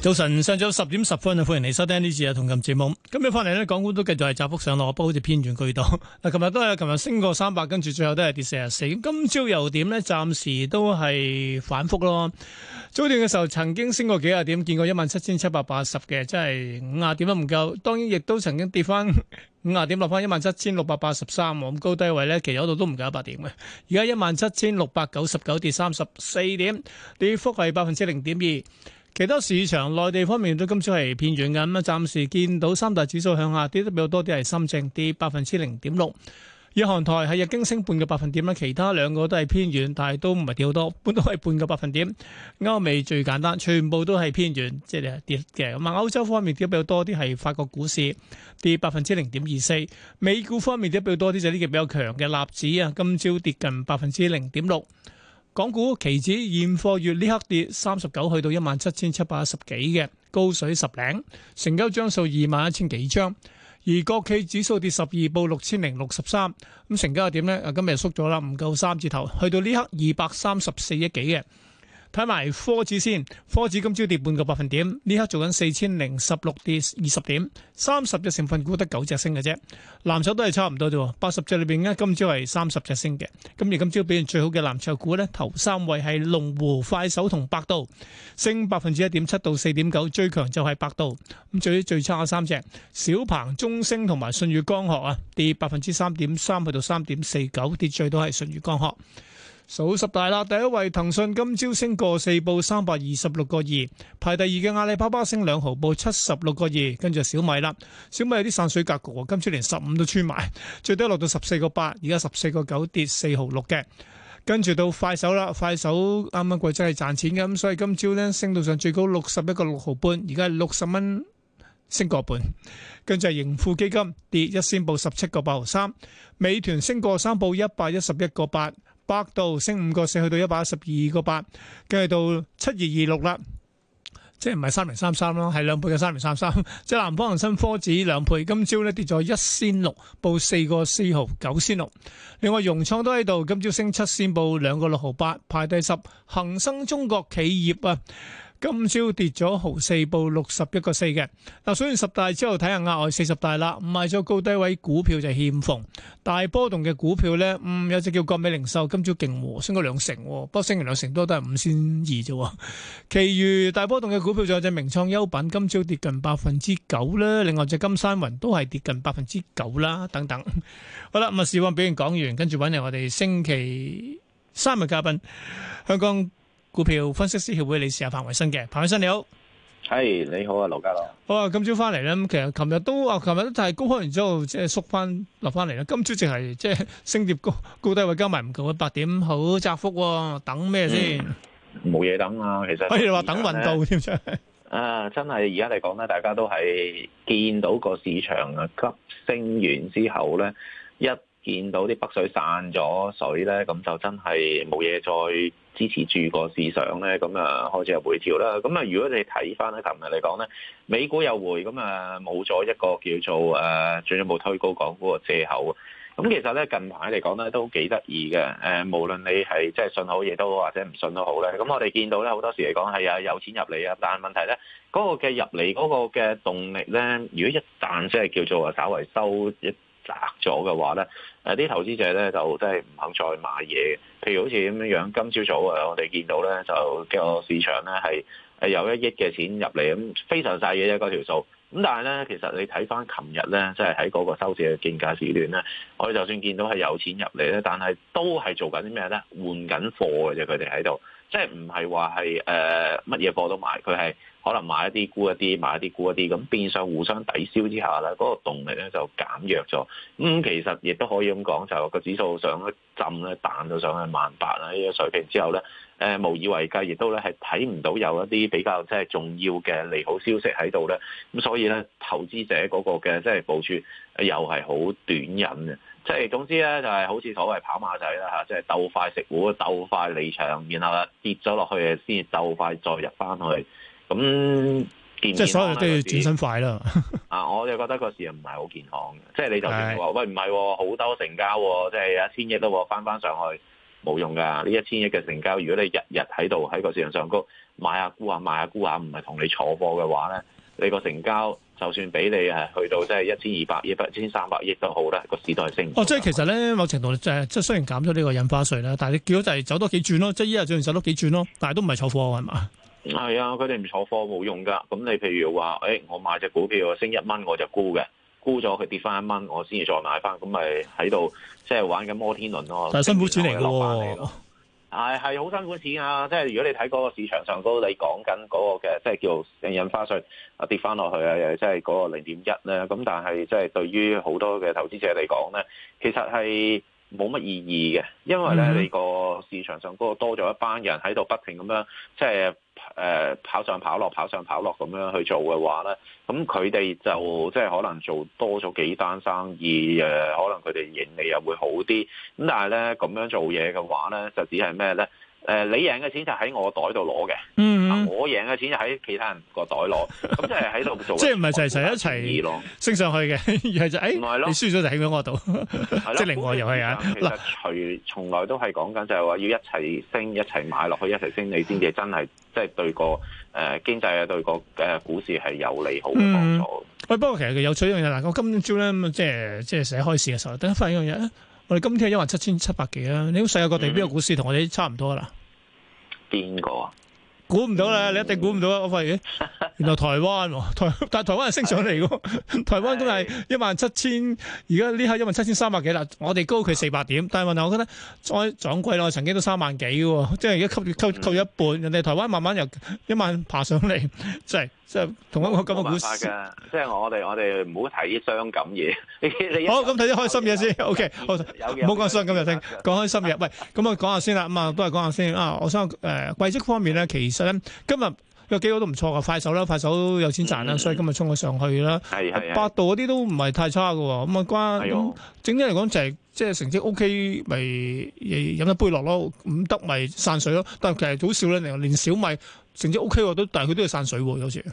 早晨，上早十點十分啊！歡迎你收聽呢次啊同琴節目。今日翻嚟呢，港股都繼續係窄幅上落，不過好似偏軟居多。嗱， 琴日都係，琴日升過三百，跟住最後都係跌四十四。今朝又點呢？暫時都係反覆咯。早段嘅時候曾經升過幾廿點，見過一萬七千七百八十嘅，即係五啊點都唔夠。當然，亦都曾經跌翻五啊點落 17,，落翻一萬七千六百八十三，咁高低位呢，其實嗰度都唔夠一百點嘅。而家一萬七千六百九十九跌三十四點，跌幅係百分之零點二。其他市場內地方面都今朝係偏軟嘅，咁啊暫時見到三大指數向下跌得比較多啲，係深證跌百分之零點六，日韓台係日經升半個百分點啦，其他兩個都係偏軟，但係都唔係跌好多，都係半個百分點。歐美最簡單，全部都係偏軟，即係跌嘅。咁啊歐洲方面跌得比較多啲係法國股市跌百分之零點二四，美股方面跌得比較多啲就係呢啲比較強嘅納指啊，今朝跌近百分之零點六。港股期指現貨月呢刻跌三十九，去到一萬七千七百一十幾嘅高水十零，成交張數二萬一千幾張。而國企指數跌十二，報六千零六十三。咁成交係點呢？今日縮咗啦，唔夠三字頭，去到呢刻二百三十四億幾嘅。睇埋科指先，科指今朝跌半個百分點，呢刻做緊四千零十六跌二十點，三十隻成分股得九隻升嘅啫。藍籌都係差唔多啫，八十隻裏邊呢，今朝係三十隻升嘅。咁而今朝表現最好嘅藍籌股呢，頭三位係龍湖、快手同百度，升百分之一點七到四點九，9，最強就係百度。咁最最差三隻，小鵬、中升同埋舜宇光學啊，跌百分之三點三去到三點四九，跌最多係舜宇光學。數十大啦，第一位騰訊今朝升過四報三百二十六個二，排第二嘅阿里巴巴升兩毫，報七十六個二。跟住小米啦，小米有啲散水格局，今朝連十五都穿埋，最低落到十四個八，而家十四個九跌四毫六嘅。跟住到快手啦，快手啱啱季真係賺錢嘅，咁所以今朝呢，升到上最高六十一個六毫半，而家係六十蚊升個半。跟住係盈富基金跌一仙報十七個八毫三，美團升過三報一百一十一個八。百度升五個四，去到一百一十二個八，繼續到七二二六啦，即係唔係三零三三咯，係兩倍嘅三零三三。即係南方恒生科指兩倍，今朝咧跌咗一仙六，報四個四毫九仙六。另外融創都喺度，今朝升七仙，報兩個六毫八，排第十。恒生中國企業啊。今朝跌咗毫四，報六十一個四嘅。嗱，數完十大之後睇下額外四十大啦，賣咗高低位股票就欠奉，大波動嘅股票咧，嗯，有隻叫國美零售，今朝勁升過兩成，不過升完兩成都都係五仙二啫，其餘大波動嘅股票就只名創優品，今朝跌近百分之九啦，另外隻金山雲都係跌近百分之九啦，等等，好啦，咁啊，市況表現講完，跟住揾嚟我哋星期三嘅嘉賓，香港股票分析師協會理事阿彭偉新嘅，彭偉新你好，係你好啊，劉家樂。好啊，今朝翻嚟咧。咁其實琴日都啊，琴日都係高開完之後即係縮翻落翻嚟啦。今朝淨係即係升跌高高低位加埋唔夠啊，八點好窄幅，等咩先？冇嘢等啊，其實。可以話等運到添真係。啊，真係而家嚟講咧，大家都係見到個市場啊急升完之後咧，一見到啲北水散咗水咧，咁就真係冇嘢再。支持住個市場咧，咁啊開始有回調啦。咁啊，如果你睇翻咧，琴日嚟講咧，美股又回，咁啊冇咗一個叫做誒，進一步推高港股嘅藉口。咁其實咧，近排嚟講咧都幾得意嘅。誒，無論你係即係信好嘢都好，或者唔信都好咧。咁我哋見到咧，好多時嚟講係啊有錢入嚟啊，但係問題咧，嗰、嗰個嘅入嚟嗰個嘅動力咧，如果一旦即係叫做啊稍為收一砸咗嘅話咧，誒啲投資者咧就真係唔肯再買嘢。譬如好似咁樣樣，今朝早啊，我哋見到咧就個市場咧係誒有一億嘅錢入嚟，咁非常細嘅啫，嗰條數。咁但係咧，其實你睇翻琴日咧，即係喺嗰個收市嘅競價時段咧，我哋就算見到係有錢入嚟咧，但係都係做緊啲咩咧？換緊貨嘅啫，佢哋喺度。即係唔係話係誒乜嘢貨都買，佢係可能買一啲沽一啲，買一啲沽一啲，咁變相互相抵消之下咧，嗰、那個動力咧就減弱咗。咁、嗯、其實亦都可以咁講，就個指數上一浸咧彈到上去萬八啊呢個水平之後咧，誒、呃、無以為繼，亦都咧係睇唔到有一啲比較即係、就是、重要嘅利好消息喺度咧。咁所以咧，投資者嗰個嘅即係部署又係好短引嘅。即係總之咧，就係好似所謂跑馬仔啦吓，即係鬥快食糊，鬥快離場，然後跌咗落去，先鬥快再入翻去，咁、嗯、即係所有都要轉身快啦。啊，我就覺得個市唔係好健康，即係你就先話是喂唔係、哦，好多成交、哦，即係一千億啦、哦，翻翻上去冇用噶。呢一千億嘅成交，如果你日日喺度喺個市場上高買下股啊賣下股啊，唔係同你坐貨嘅話咧，你個成交。就算俾你係去到即係一千二百億、一千三百億都好啦，個市都係升。哦，即係其實咧某程度咧，即係即係雖然減咗呢個印花稅啦，但係你結果就係走多幾轉咯，即係依日做完就碌幾轉咯，但係都唔係坐貨係嘛？係啊，佢哋唔坐貨冇用㗎。咁你譬如話，誒、哎、我買隻股票升一蚊，我就沽嘅，沽咗佢跌翻一蚊，我先至再買翻，咁咪喺度即係玩緊摩天輪年咯。但係辛苦主靈嚟喎。係係好辛苦錢啊！即係如果你睇嗰個市場上高，你講緊嗰個嘅，即係叫做印花稅啊跌翻落去啊，又即係嗰個零點一咧。咁但係即係對於好多嘅投資者嚟講咧，其實係。冇乜意義嘅，因為咧、嗯、你個市場上嗰個多咗一班人喺度不停咁樣即係誒跑上跑落、跑上跑落咁樣去做嘅話咧，咁佢哋就即係可能做多咗幾單生意誒、呃，可能佢哋盈利又會好啲。咁但係咧咁樣做嘢嘅話咧，就只係咩咧？誒、呃，你贏嘅錢就喺我袋度攞嘅，啊、呃，我贏嘅錢就喺其他人個袋攞，咁即係喺度做，即係唔係齊齊一齊升上去嘅， 而係就誒、是，哎、你輸咗就喺咗我度，即 係另外一回事。嗱、嗯，除從來，來都係講緊就係、是、話要一齊升，一齊買落去，一齊升你，你先至真係即係對個誒、呃、經濟啊，對個誒股市係有利好嘅幫助。喂、嗯，不、嗯、過、哎、其實有取向嘅，嗱，我今朝咧，即係即係寫開市嘅時候，等一翻去我入我哋今天係一萬七千七百幾啦，你好世界各地邊個股市同、嗯、我哋差唔多啦？邊個啊？估唔到啦，你一定估唔到啦，我發現、欸、原來台灣，台但係台灣係升上嚟嘅。是台灣都係一萬七千，而家呢刻一萬七千三百幾啦，我哋高佢四百點，但係問題我覺得再掌櫃咯，曾經都三萬幾嘅，即係而家吸住吸，吸咗一半，人哋台灣慢慢又一萬爬上嚟，真、就、係、是。即係同一個咁嘅故事。即係、就是、我哋我哋唔好睇啲傷感嘢。好，咁睇啲開心嘢、哦、先。O K，好，唔好講傷感嘢，聽講開心嘢。喂，咁我講下先啦。咁啊，都係講下先說說啊。我想誒，貴金屬方面咧，其實咧，今日。有幾個都唔錯㗎，快手啦，快手都有錢賺啦，嗯、所以今日衝咗上去啦。係啊，百度嗰啲都唔係太差嘅，咁啊關。係哦的、嗯。整體嚟講就係即係成績 OK，咪飲一杯落咯，唔得咪散水咯。但係其實好少咧，連小米成績 OK 都，但係佢都要散水喎，有時。咁、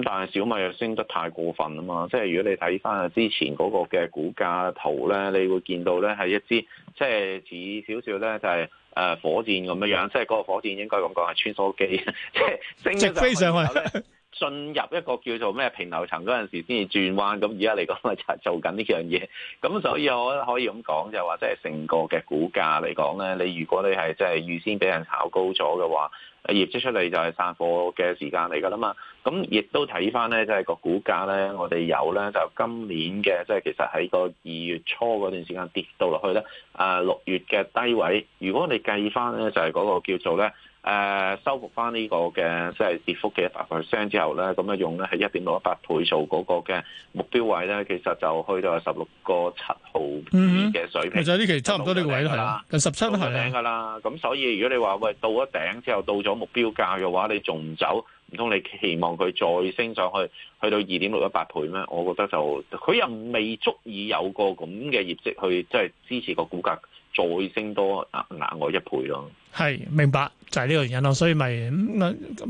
嗯、但係小米又升得太過分啊嘛，即係如果你睇翻之前嗰個嘅股價圖咧，你會見到咧係一支。即係似少少咧，就係誒火箭咁樣樣，即係嗰個火箭應該咁講係穿梭機，即 係直升飛上去咧， 進入一個叫做咩平流層嗰陣時先至轉彎。咁而家嚟講咧，就係做緊呢樣嘢。咁所以我可以咁講，就話即係成個嘅股價嚟講咧，你如果你係即係預先俾人炒高咗嘅話。業績出嚟就係散貨嘅時間嚟㗎啦嘛，咁亦都睇翻咧，即係個股價咧，我哋有咧就是、今年嘅，即、就、係、是、其實喺個二月初嗰段時間跌到落去咧，啊六月嘅低位，如果我哋計翻咧，就係、是、嗰個叫做咧。誒，收復翻呢個嘅即係跌幅嘅一百 percent 之後咧，咁樣用咧係一點六一八倍做嗰個嘅目標位咧，其實就去到十六個七毫嘅水平，其實呢期差唔多呢個位啦，近十七都係頂噶啦。咁吧所以如果你話喂到咗頂之後到咗目標價嘅話，你仲唔走？唔通你期望佢再升上去，去到二點六一八倍咩？我覺得就佢又未足以有個咁嘅業績去即係支持個股價。再升多額額外一倍咯，係明白就係、是、呢個原因咯，所以咪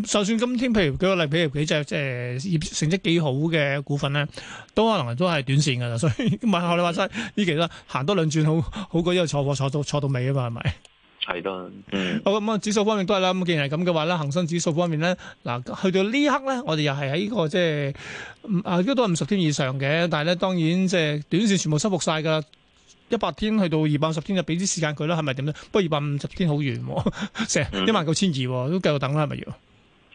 就算、嗯、今天譬如舉個例、就是，譬如幾隻即係業成績幾好嘅股份咧，都可能都係短線㗎啦，所以問下你話齋，依期啦行多兩轉，好好過依個坐貨坐到坐，坐到尾啊嘛，係咪？係啦，嗯、好咁啊，嗯、指數方面都係啦，咁既然係咁嘅話咧，恒生指數方面咧，嗱去到一刻呢刻咧，我哋又係喺呢個即係啊，嗯、都都係五十天以上嘅，但係咧當然即係短線全部收復曬㗎。一百天去到二百五十天就俾啲時間佢啦，係咪點樣？不過二百五十天好遠、啊，成一萬九千二都繼續等啦、啊，係咪要？誒、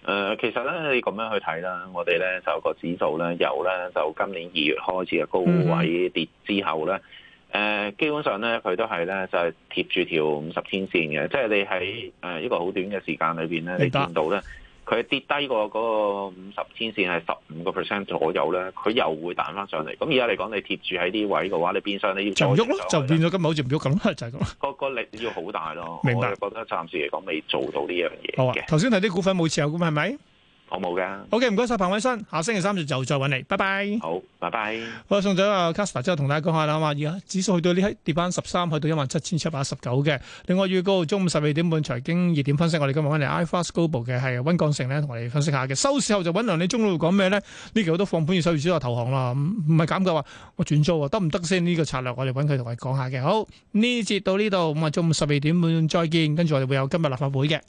呃，其實咧，你咁樣去睇啦，我哋咧就個指數咧，由咧就今年二月開始嘅高位跌之後咧，誒、嗯呃、基本上咧佢都係咧就係、是、貼住條五十天線嘅，即係你喺誒一個好短嘅時間裏邊咧，白你見到咧。佢跌低過個嗰個五十天線係十五個 percent 左右咧，佢又會彈翻上嚟。咁而家嚟講，你貼住喺啲位嘅話，你變相你要就喐咯，就變咗今日好似唔喐咁就係咁。就是、個個力要好大咯，明白，我係覺得暫時嚟講未做到呢樣嘢好嘅、啊。頭先睇啲股份冇持有咁係咪？是。好冇嘅。好嘅，唔該晒彭偉新，下星期三就就再搵你，拜拜。好，拜拜。好送走阿 Kasper 之後，同大家講下啦。咁啊，而家指數去到呢起跌翻十三，去到一萬七千七百一十九嘅。另外，預告中午十二點半財經熱點分析，我哋今日返嚟 iFAST Global 嘅係溫港城咧，同我哋分析下嘅。收市後就搵梁李忠度講咩咧？呢期好多放盤要收市之後投降啦，唔唔係減價嘅話，我轉租啊，得唔得先？呢個策略我哋搵佢同我哋講下嘅。好，呢節到呢度，咁啊，中午十二點半再見，跟住我哋會有今日立法會嘅。